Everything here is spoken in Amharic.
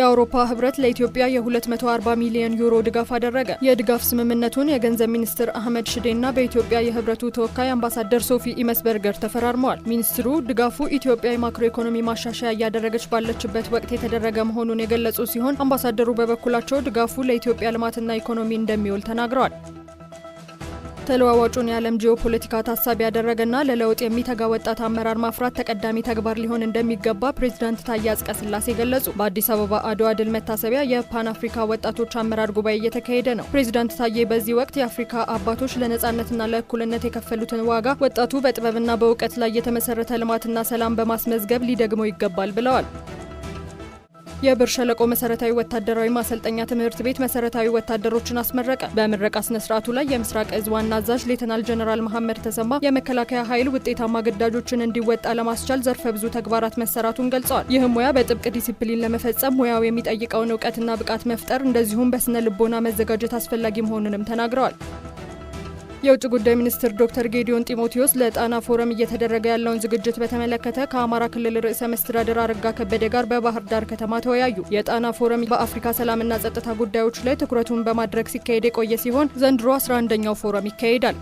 የአውሮፓ ህብረት ለኢትዮጵያ የ240 ሚሊዮን ዩሮ ድጋፍ አደረገ። የድጋፍ ስምምነቱን የገንዘብ ሚኒስትር አህመድ ሽዴና በኢትዮጵያ የህብረቱ ተወካይ አምባሳደር ሶፊ ኢመስበርገር ተፈራርመዋል። ሚኒስትሩ ድጋፉ ኢትዮጵያ የማክሮ ኢኮኖሚ ማሻሻያ እያደረገች ባለችበት ወቅት የተደረገ መሆኑን የገለጹ ሲሆን አምባሳደሩ በበኩላቸው ድጋፉ ለኢትዮጵያ ልማትና ኢኮኖሚ እንደሚውል ተናግረዋል። ተለዋዋጩን የዓለም ጂኦፖለቲካ ታሳቢ ያደረገና ለለውጥ የሚተጋ ወጣት አመራር ማፍራት ተቀዳሚ ተግባር ሊሆን እንደሚገባ ፕሬዚዳንት ታዬ አጽቀሥላሴ ገለጹ። በአዲስ አበባ አድዋ ድል መታሰቢያ የፓን አፍሪካ ወጣቶች አመራር ጉባኤ እየተካሄደ ነው። ፕሬዚዳንት ታዬ በዚህ ወቅት የአፍሪካ አባቶች ለነጻነትና ለእኩልነት የከፈሉትን ዋጋ ወጣቱ በጥበብና በእውቀት ላይ የተመሰረተ ልማትና ሰላም በማስመዝገብ ሊደግመው ይገባል ብለዋል። የብር ሸለቆ መሰረታዊ ወታደራዊ ማሰልጠኛ ትምህርት ቤት መሰረታዊ ወታደሮችን አስመረቀ። በምረቃ ስነ ስርዓቱ ላይ የምስራቅ እዝ ዋና አዛዥ ሌተናል ጀነራል መሐመድ ተሰማ የመከላከያ ኃይል ውጤታማ ግዳጆችን እንዲወጣ ለማስቻል ዘርፈ ብዙ ተግባራት መሰራቱን ገልጸዋል። ይህም ሙያ በጥብቅ ዲሲፕሊን ለመፈጸም ሙያው የሚጠይቀውን እውቀትና ብቃት መፍጠር እንደዚሁም በስነ ልቦና መዘጋጀት አስፈላጊ መሆኑንም ተናግረዋል። የውጭ ጉዳይ ሚኒስትር ዶክተር ጌዲዮን ጢሞቴዎስ ለጣና ፎረም እየተደረገ ያለውን ዝግጅት በተመለከተ ከአማራ ክልል ርዕሰ መስተዳደር አረጋ ከበደ ጋር በባህር ዳር ከተማ ተወያዩ። የጣና ፎረም በአፍሪካ ሰላምና ጸጥታ ጉዳዮች ላይ ትኩረቱን በማድረግ ሲካሄድ የቆየ ሲሆን ዘንድሮ 11ኛው ፎረም ይካሄዳል።